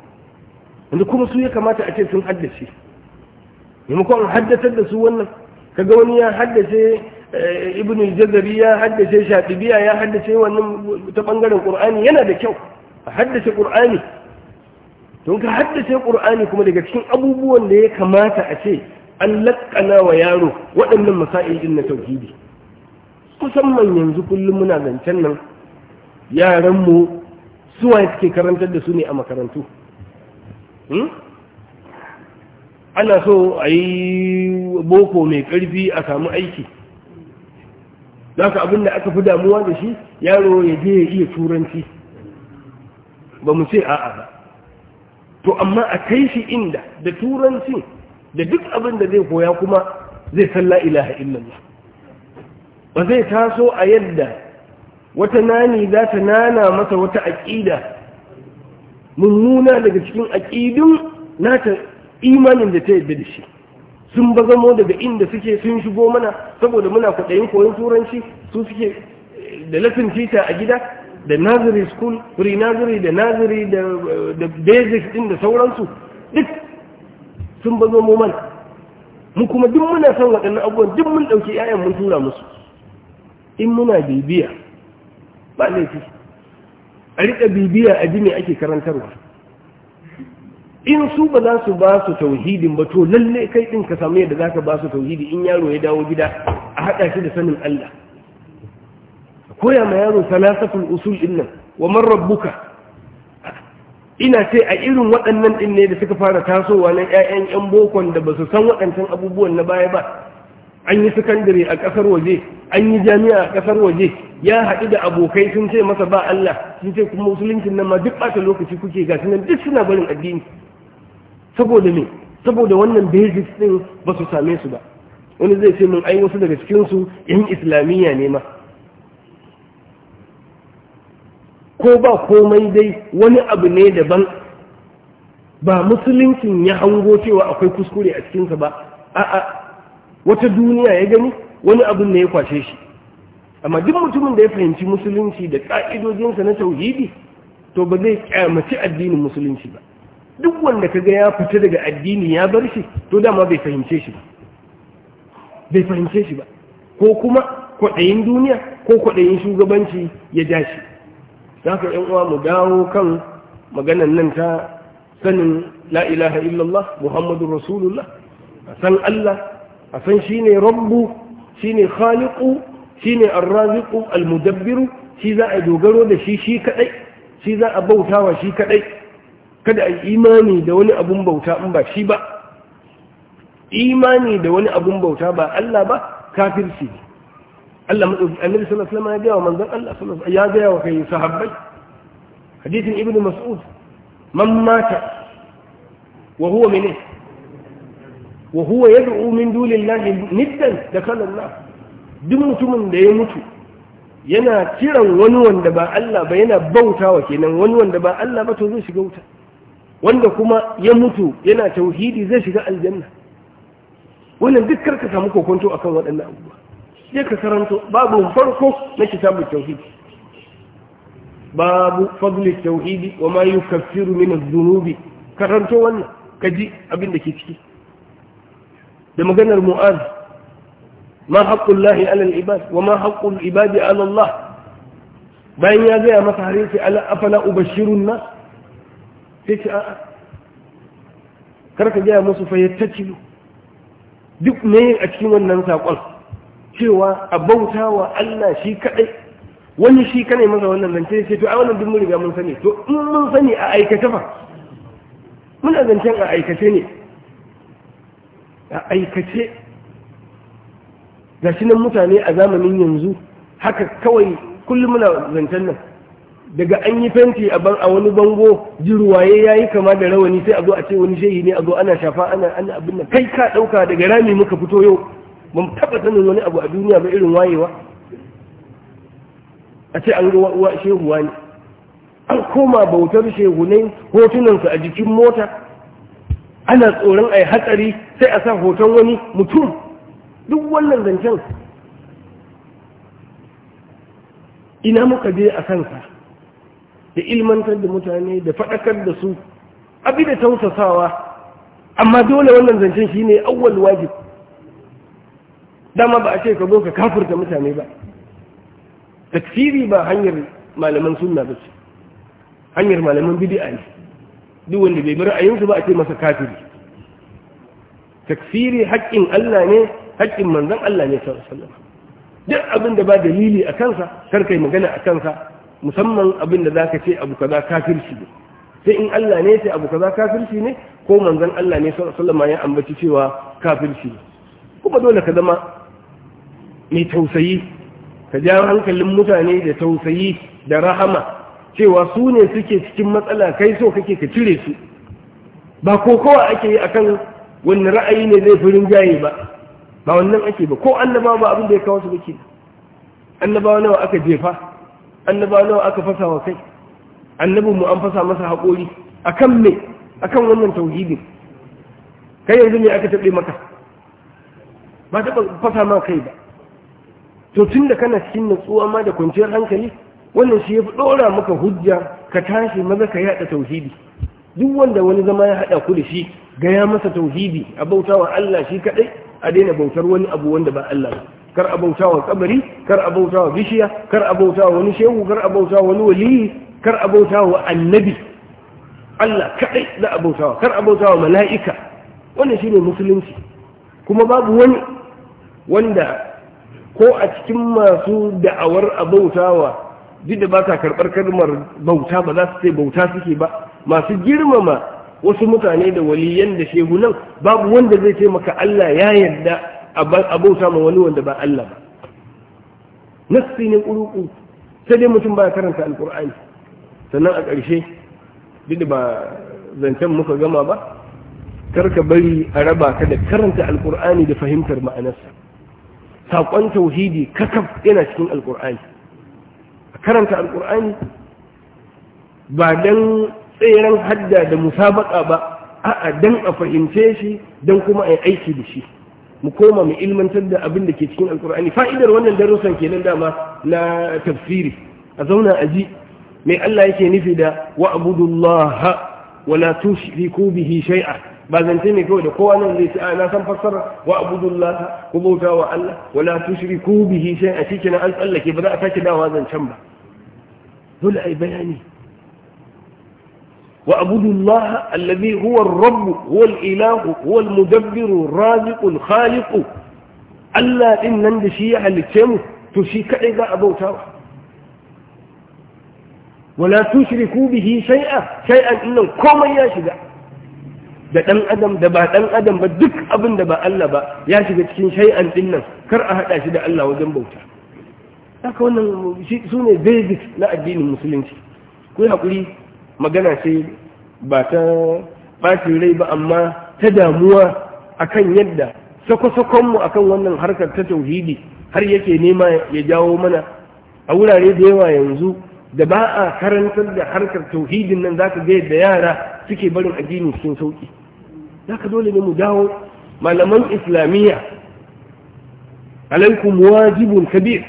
yanzu kuma su ya kamata a ce sun haddace maimakon haddatar da su wannan kaga wani ya haddace Eh, ibn jazari ya haddace shafibiya ya haddace wannan ta bangaren qur'ani yana da kyau a haddace qur'ani don ka haddace qur'ani kuma daga cikin abubuwan da ya kamata a ce an lakkana wa yaro waɗannan masail din na tauhidi musamman yanzu kullum muna zancen nan yaran mu suwa suke karantar da su ne a makarantu hmm? ana so a yi boko mai ƙarfi a samu aiki za ka abin da aka fi damuwa da shi yaro ya je ya iya turanci ba mu ce a'a ba to amma a kai shi inda da turanci da duk abin da zai koya kuma zai san la ilaha illallah ba zai taso a yadda wata nani za ta nana masa wata aƙida mummuna daga cikin aƙidun nata imanin da ta yadda da shi sun bazamo daga inda suke sun shigo mana saboda muna kwaɗayin koyon turanci su suke eh, da lafin tita a gida da nazari school free nazari da nazari eh, da basic din da sauransu duk sun bazamo mana mu kuma duk muna son waɗannan abubuwan duk mun ɗauki 'ya'yan mun tura musu in muna bibiya ba laifi a riƙa bibiya a ji ake karantarwa in su ba za su ba su tauhidin ba to lalle kai din ka samu yadda zaka ba su tauhidi in yaro ya dawo gida a haɗa shi da sanin Allah koya ma yaro salasatul usul din nan wa man rabbuka ina ce a irin waɗannan din ne da suka fara tasowa na ƴaƴan ƴan bokon da ba su san waɗancan abubuwan na baya ba an yi sakandare a ƙasar waje an yi jami'a a ƙasar waje ya haɗu da abokai sun ce masa ba Allah sun ce kuma musuluncin nan ma duk ɓata lokaci kuke ga sunan duk suna barin addini saboda me saboda wannan basics din ba su same su ba wani zai ce mun ai wasu daga cikin su yan islamiyya ne ma ko ba komai dai wani abu ne daban ba musuluncin ya hango cewa akwai kuskure a cikinsa ba a'a wata duniya ya gani wani abin ne ya kwashe shi amma duk mutumin da ya fahimci musulunci da ƙa'idojinsa na tauhidi to ba zai kyamaci addinin musulunci ba duk wanda ka ga ya fita daga addini ya bar shi to dama bai fahimce shi ba bai fahimce shi ba ko kuma kwaɗayin duniya ko kwaɗayin shugabanci ya ja shi za ka yan uwa mu dawo kan maganan nan ta sanin la ilaha illallah muhammadu rasulullah a san allah a san shi ne rabbu ne khaliqu shine al mudabbiru shi za a dogaro da shi shi kaɗai, shi za a bautawa shi kaɗai. kada a imani da wani abun bauta in ba shi ba imani da wani abun bauta ba Allah ba kafirci ne Allah madauki annabi sallallahu alaihi wasallam ya ga manzon Allah sallallahu ya ga wa kai sahabbai hadithin ibnu mas'ud man mata wa huwa min wa huwa yad'u min dunillahi niddan dakhala Allah duk mutumin da ya mutu yana kiran wani wanda ba Allah ba yana bautawa kenan wani wanda ba Allah ba to zai shiga wuta wanda kuma ya mutu yana tauhidi zai shiga aljanna wannan duk karka samu kokonto akan waɗannan abubuwa sai ka karanto babu farko na kitabun tauhidi babu fadli tauhidi wa ma yukaffiru min adh-dhunubi karanto wannan kaji abin da ke ciki da maganar mu'az ma haqqullahi 'ala al-ibad wa ma haqqul ibadi 'ala Allah bayan ya ga masa harisi ala afala ubashirun nas sai ce a'a karka gaya musu fayyatacilu duk ne a cikin wannan saƙon cewa a bauta wa Allah shi kaɗai wani shi kanai masa wannan zance sai to a wannan duk mun riga mun sani to in mun sani a aikace fa muna zancen a aikace ne a aikace ga shi nan mutane a zamanin yanzu haka kawai kullum muna zancen nan daga an yi fenti a wani bango jirwaye ya yi kama da rawani sai a zo a ce wani shehi ne a zo ana shafa ana abin da kai ka ɗauka daga rami muka fito yau ba mu taɓa sanin wani abu a duniya ba irin wayewa a ce an ga shehu wani an koma bautar shehunai hotunansu a jikin mota ana tsoron a yi hatsari sai a sa hoton wani mutum duk wannan zancen ina muka je a kansa da ilmantar da mutane da faɗakar da su abi da tausasawa amma dole wannan zancen shi ne awwal wajib dama ba a ce ka zo ka kafurta mutane ba takfiri ba hanyar malaman sunna ba ce hanyar malaman bid'a ne duk wanda bai bar ra'ayinsu ba a ce masa kafiri takfiri haƙƙin Allah ne haƙƙin manzon Allah ne sallallahu alaihi wasallam duk abin da ba dalili a kansa kar kai magana a kansa musamman abin da zaka ce abu kaza kafirci ne sai in Allah ne sai abu kaza kafirci ne ko manzon Allah ne sallallahu ya ambaci cewa kafirci ne kuma dole ka zama mai tausayi ka ja hankalin mutane da tausayi da rahama cewa su ne suke cikin matsala kai so kake ka cire su ba ko kowa ake yi akan wani ra'ayi ne zai furin jaye ba ba wannan ake ba ko annabawa ba abin da ya kawo su bake annabawa nawa aka jefa annaba nawa aka fasa wa kai annabin mu an fasa masa haƙori akan me akan wannan tauhidin kai yanzu ne aka taɓe maka ba taɓa fasa ma kai ba to tun da kana cikin natsuwa ma da kwanciyar hankali wannan shi ya fi ɗora maka hujja ka tashi maza ka yaɗa tauhidi duk wanda wani zama ya haɗa ku da shi ya masa tauhidi a bautawa Allah shi kaɗai a daina bautar wani abu wanda ba Allah ba kar a bauta wa kabari kar a bauta wa bishiya kar a bauta wa wani shehu kar a bauta wa wani waliyi kar a bauta wa annabi Allah kadai za a bauta kar a bauta wa mala'ika wannan shine musulunci kuma babu wani wanda ko a cikin masu da'awar a wa duk da ba ta karɓar kalmar bauta ba za su ce bauta suke ba masu girmama wasu mutane da waliyan da shehu nan, babu wanda zai taimaka Allah ya yarda a ma wani wanda ba Allah ba nassi ne ƙuruƙu sai dai mutum ba karanta alƙur'ani sannan a ƙarshe duk ba zancen muka gama ba karka bari a raba ka da karanta alƙur'ani da fahimtar ma'anarsa saƙon tauhidi kakaf yana cikin alƙur'ani a karanta alƙur'ani ba don tseren hadda da musabaka ba a'a don a fahimce shi don kuma a yi aiki da shi mu koma mu ilmantar da abin da ke cikin alkur'ani fa'idar wannan darussan kenan dama na tafsiri a zauna a ji mai Allah yake nufi da wa'budullaha wala tushriku bihi shay'a ba zance ne kawai da kowa nan zai ce a na san fassara wa'budullaha ku bauta wa Allah wala tushriku bihi shay'a shikenan an tsallake ba za a sake dawa zancen ba dole ai bayani وأعبد الله الذي هو الرب هو الإله هو المدبر الرازق الخالق ألا إن نشيع لتم تشيك إذا تاو ولا تشركوا به شيئا شيئا إنه يا ياشد ده دم أدم ده با دم أدم بدك أبن ده با ألا با ياشد تكين شيئا إنه كرأها تاشد ألا وجن بوتا لكن سوني بيزك لا أدين المسلمين كل هكولي magana ce ba ta ɓaci rai ba amma ta damuwa akan yadda sako-sakonmu akan wannan harkar ta tauhidi har yake nema ya jawo mana a wurare da yawa yanzu da ba a karantar da harkar tauhidin nan za ka ga yadda yara suke barin addini cikin sauki ka dole ne mu dawo malaman islamiyya alaikum wajibun kabir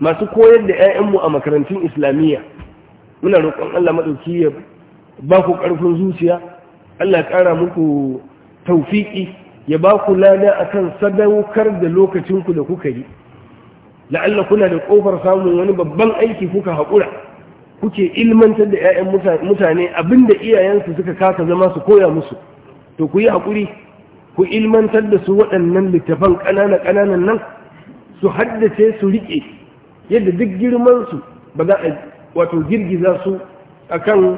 masu koyar da 'ya'yanmu a makarantun islamiyya muna roƙon Allah maɗauki ya ba ku ƙarfin zuciya Allah ƙara muku taufiƙi ya ba ku lada akan sadaukar da lokacinku da kuka yi la'alla kuna da ƙofar samun wani babban aiki kuka haƙura kuke ilmantar da 'ya'yan mutane abinda iyayensu suka kasa zama su koya musu to ku yi haƙuri ku ilmantar da su waɗannan littafan ƙanana ƙananan nan su haddace su riƙe yadda duk girmansu ba za a wato girgiza su akan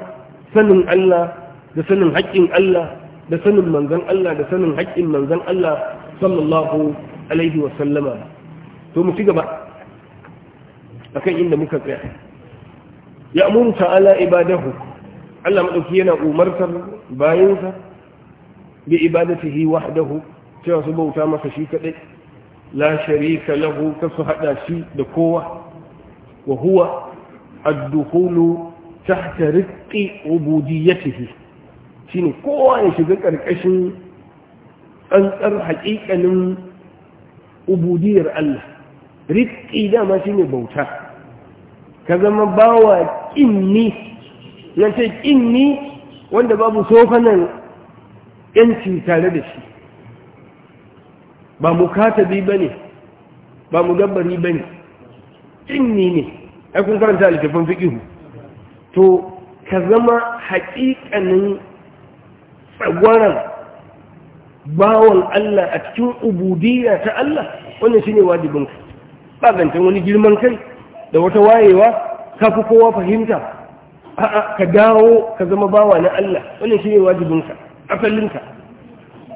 sanin Allah da sanin haƙƙin Allah da sanin manzan Allah da sanin haƙƙin manzan Allah sallallahu alaihi wa sallama to mu ci gaba akan inda muka tsaya ya amuru ta'ala ibadahu Allah maɗauki yana umartar bayansa bi ibadatihi wahdahu cewa su bauta masa shi kaɗai. la sharika lahu su haɗa shi da kowa wa huwa الدخول تحت رزق عبوديته shine kowa ya shiga ƙarƙashin tsantsar haƙiƙanin ubudiyar Allah riƙi dama shine bauta ka zama bawa ƙinni na ce ƙinni wanda babu sofanan yanci tare da shi ba mu katabi ba ne ba mu dabbari ba ne ƙinni ne ai kun karanta a littafin to ka zama haƙiƙanin tsagwaran bawan Allah a cikin ubudiyya ta Allah wannan ne wajibin ka ba wani girman kai da wata wayewa ka fi kowa fahimta a'a ka dawo ka zama bawa na Allah wannan ne wajibin ka asalin ka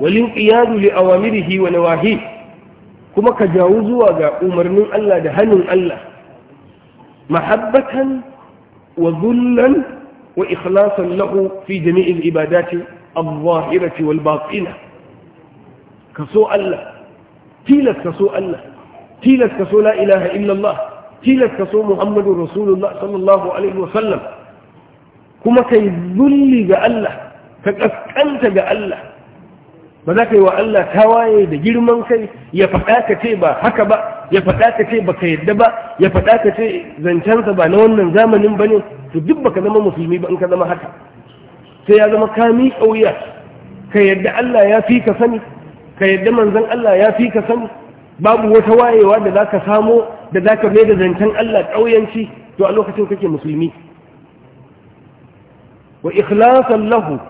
walin qiyadu li awamirihi wa nawahi kuma ka jawo zuwa ga umarnin Allah da hannun Allah محبة وذلا وإخلاصا له في جميع العبادات الظاهرة والباطنة كسوء الله تيلس كسوء الله تيلس كسوء لا إله إلا الله تيلس كسوء محمد رسول الله صلى الله عليه وسلم كما كي ذل جعله كأسكنت جعله ba za ka yi wa Allah waye da girman kai ya faɗa ka ce ba haka ba ya faɗa ka ce ba ka yadda ba ya faɗa ka ce zancensa ba na wannan zamanin ba ne to duk ba ka zama musulmi ba in ka zama haka sai ya zama ka mi ƙauya ka yadda Allah ya fi ka sani ka yadda manzon Allah ya fi ka sani babu wata wayewa da za ka samo da za ka mai da zancen Allah ƙauyanci to a lokacin kake musulmi wa ikhlasan lahu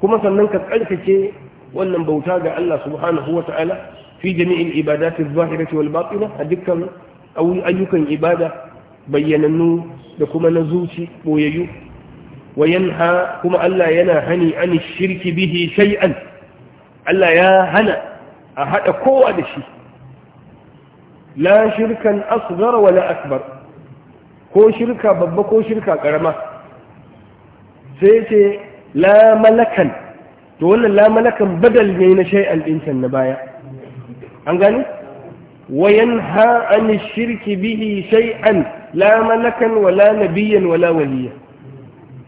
kuma sannan ka tsarkake wannan bauta ga Allah subhanahu wa ta'ala fi jami'in ibadatin zahirati wal batina a dukkan ayyukan ibada bayyanannu da kuma na zuci boyayyu wa yanha kuma Allah yana hani an shirki bihi shay'an Allah ya hana a haɗa kowa da shi la shirkan asghar wala akbar ko shirka babba ko shirka karama sai ce la malakan to wannan lamalakan badal ne na shay'an ɗincan na baya an gani wayan ha an shirki bihi shay'an lamalakan wala nabiyan wala waliya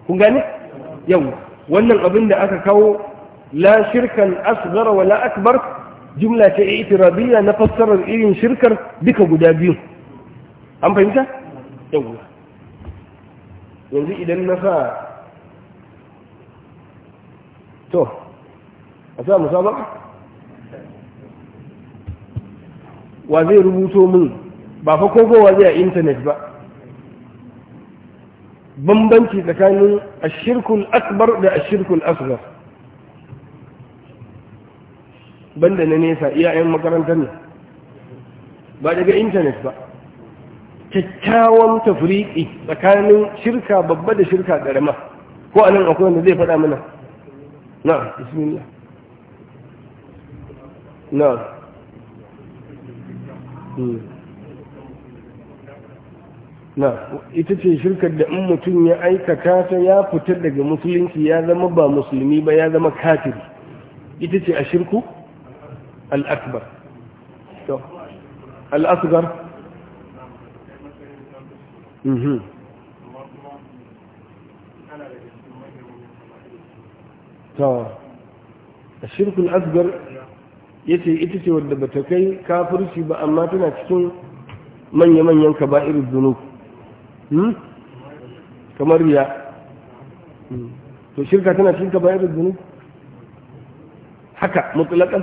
kun gane yau wannan abin da aka kawo la shirkan asghar wala akbar jumla ta itirabiyya na fassarar irin shirkar duka guda biyu an fahimta yau yanzu idan na sa to a sa musabaka wa zai rubuto min ba fa kogowa zai a intanet ba bambanci tsakanin a shirkun akbar da a ashirkul asgar banda na nesa iyayen makarantar ne ba daga intanet ba kyakkyawan tafriƙi tsakanin shirka babba da shirka ƙarama ko anan akwai wanda zai faɗa mana na bismillah نعم hmm. na ita ce shirkar da in mutum ya aikata ta ya fitar daga musulunci ya zama ba musulmi ba ya zama katir ita ce a shirku al'akbar al'asgar mm-hmm. ta a shirkul asgar yace ita ce wadda bata kai kafirci ba amma tana cikin manya-manyan kaba'ir zunub hmm? kamar ya hmm. to shirka tana cikin kaba'ir zunub haka mutlakan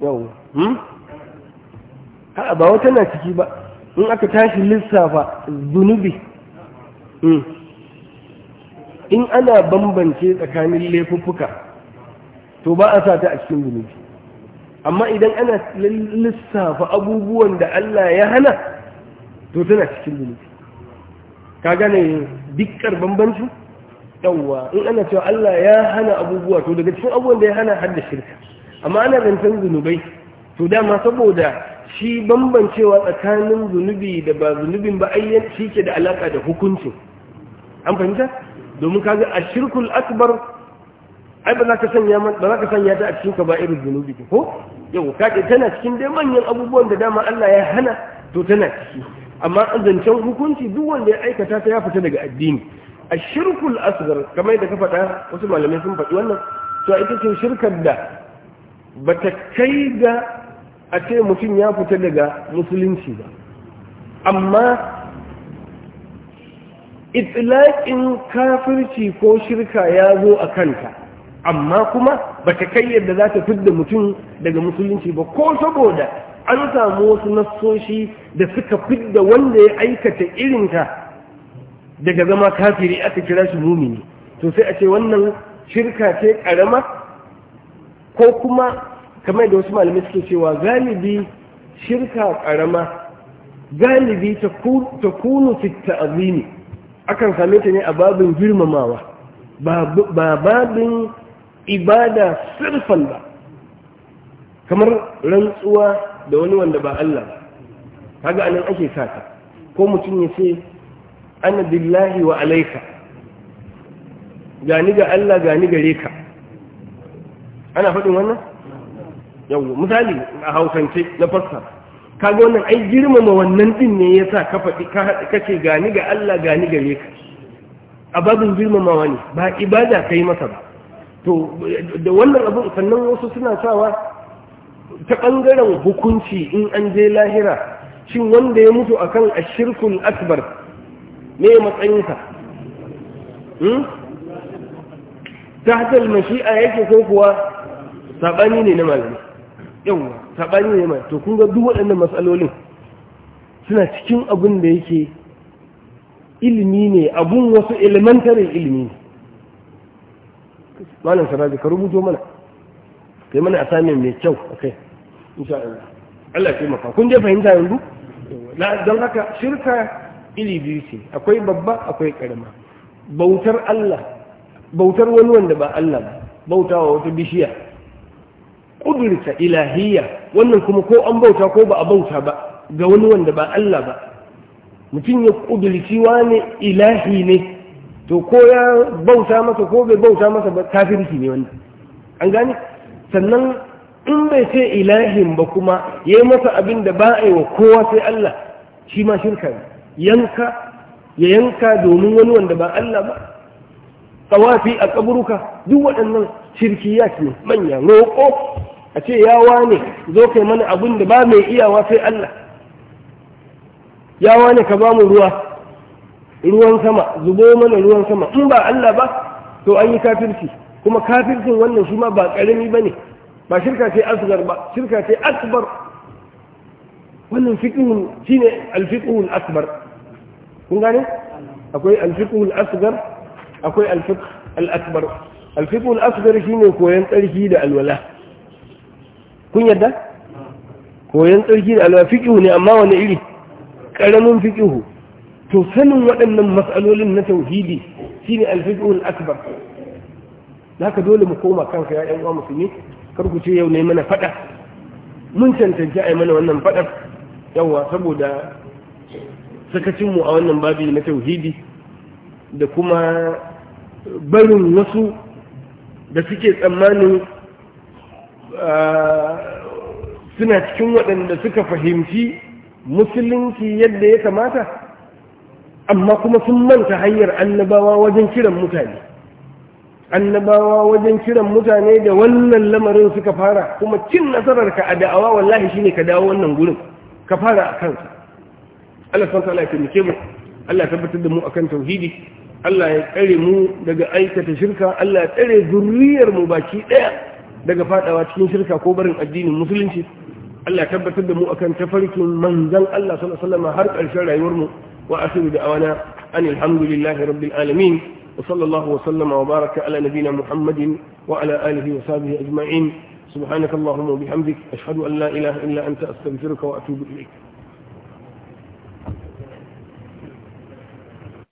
yau hmm? ba wata na ciki ba in aka tashi lissafa zunubi in ana bambance tsakanin laifuffuka to ba a sa ta a cikin zunubi amma idan ana lissafa abubuwan da Allah ya hana to tana cikin zunubi ka gane dikkar bambanci yawwa in ana cewa Allah ya hana abubuwa to daga cikin abubuwan da ya hana har da shirka amma ana zancen zunubai to dama saboda shi bambancewa tsakanin zunubi da ba zunubin ba ayyan shi ke da alaka da hukuncin an fahimta domin kaga ashirkul akbar ai ba za ka sanya ba za ka sanya ta a cikin kaba'irul zunubi ko yau ka ce tana cikin dai manyan abubuwan da dama Allah ya hana to tana ciki amma zancen hukunci duk wanda ya aikata ta ya fita daga addini ashirkul asghar kamar yadda ka faɗa wasu malamai sun faɗi wannan to ita ce shirkar da bata kai ga a ce mutum ya fita daga musulunci ba amma itsilaƙin kafirci ko shirka ya zo a kanta amma kuma ba ta kai yadda za ta fidda mutum daga musulunci ba ko saboda an samu wasu nassoshi da suka fidda wanda ya aikata irinta daga zama kafiri aka kira shi mumini to sai a ce wannan shirka ce karama ko kuma kamar da wasu malamai suke cewa galibi shirka karama galibi ta kunu fitta azimi akan same ta ne a babin girmamawa ba babin ibada sirfan ba kamar rantsuwa da wani wanda ba Allah ba anan ake saka ko mutum ya ce ana billahi wa alaika gani ga Allah gani gare ka ana faɗin wannan yau misali a hausance na fassa kaga wannan ai girmama wannan din ne ya sa ka faɗi ka ce gani ga Allah gani gare ka a babin girmamawa ne ba ibada ka yi masa ba to da wannan abin sannan wasu suna sawa ta ɓangaren hukunci in an je lahira shin wanda ya mutu akan ashirkul akbar me matsayinsa hmm? ta hatar mashi'a yake ko kuwa saɓani ne na malami yawa saɓani ne mai. to kun ga duk waɗannan matsalolin suna cikin abin da yake ilimi ne abun wasu elementary ilimi ne malam sarabi ka rubuto mana kai mana assignment mai kyau kai. insha Allah Allah ya taimaka kun je fahimta yanzu don haka shirka iri biyu ce akwai babba akwai karama bautar Allah bautar wani wanda ba Allah ba bautawa wata bishiya kudurta ilahiyya wannan kuma ko an bauta ko ba a bauta ba ga wani wanda ba Allah ba mutum ya kudurci wani ilahi ne to ko ya bauta masa ko bai bauta masa ba kafirci ne wanda. an gane sannan in bai ce ilahin ba kuma ya yi masa abin da ba a yi wa kowa sai Allah shi ma shirka yanka ya yanka domin wani wanda ba Allah ba tsawafi a kaburuka duk waɗannan ya ne manya roƙo a ce yawa ne zo kai mana abin da ba mai iyawa sai Allah yawa ne ka ba mu ruwa ruwan sama zubo mana ruwan sama in ba Allah ba to an yi kafirci kuma kafircin wannan shi ma ba karami bane ba shirka ce asgar ba shirka ce akbar wannan fiqhun shine al-fiqhul akbar kun gane akwai al-fiqhul asgar akwai al-fiqh al-akbar al-fiqh al-asgar shine koyan tsarki da alwala kun yadda koyan tsarki da alwala fiqhu ne amma wani iri karamin fiqhu to sanin waɗannan matsalolin na tauhidi shine alfiqhul akbar haka dole mu koma kanka ya ɗan uwa musulmi kar ku ce yau ne mana faɗa. mun cancanci a yi mana wannan fada yawa saboda sakacinmu a wannan babi na tauhidi da kuma barin wasu da suke tsammanin suna cikin waɗanda suka fahimci musulunci yadda ya kamata amma kuma sun manta hanyar annabawa wajen kiran mutane annabawa wajen kiran mutane da wannan lamarin suka fara kuma cin nasarar ka a da'awa wallahi shine ka dawo wannan gurin ka fara a kansa Allah san ta'ala ya mu Allah ya tabbatar da mu akan tauhidi Allah ya tsare mu daga aikata shirka Allah ya tsare zurriyar mu baki daya daga fadawa cikin shirka ko barin addinin musulunci Allah ya tabbatar da mu akan tafarkin manzon Allah sallallahu alaihi wasallam har ƙarshen rayuwar mu وآخر دعوانا أن الحمد لله رب العالمين وصلى الله وسلم وبارك على نبينا محمد وعلى آله وصحبه أجمعين سبحانك اللهم وبحمدك أشهد أن لا إله إلا أنت أستغفرك وأتوب إليك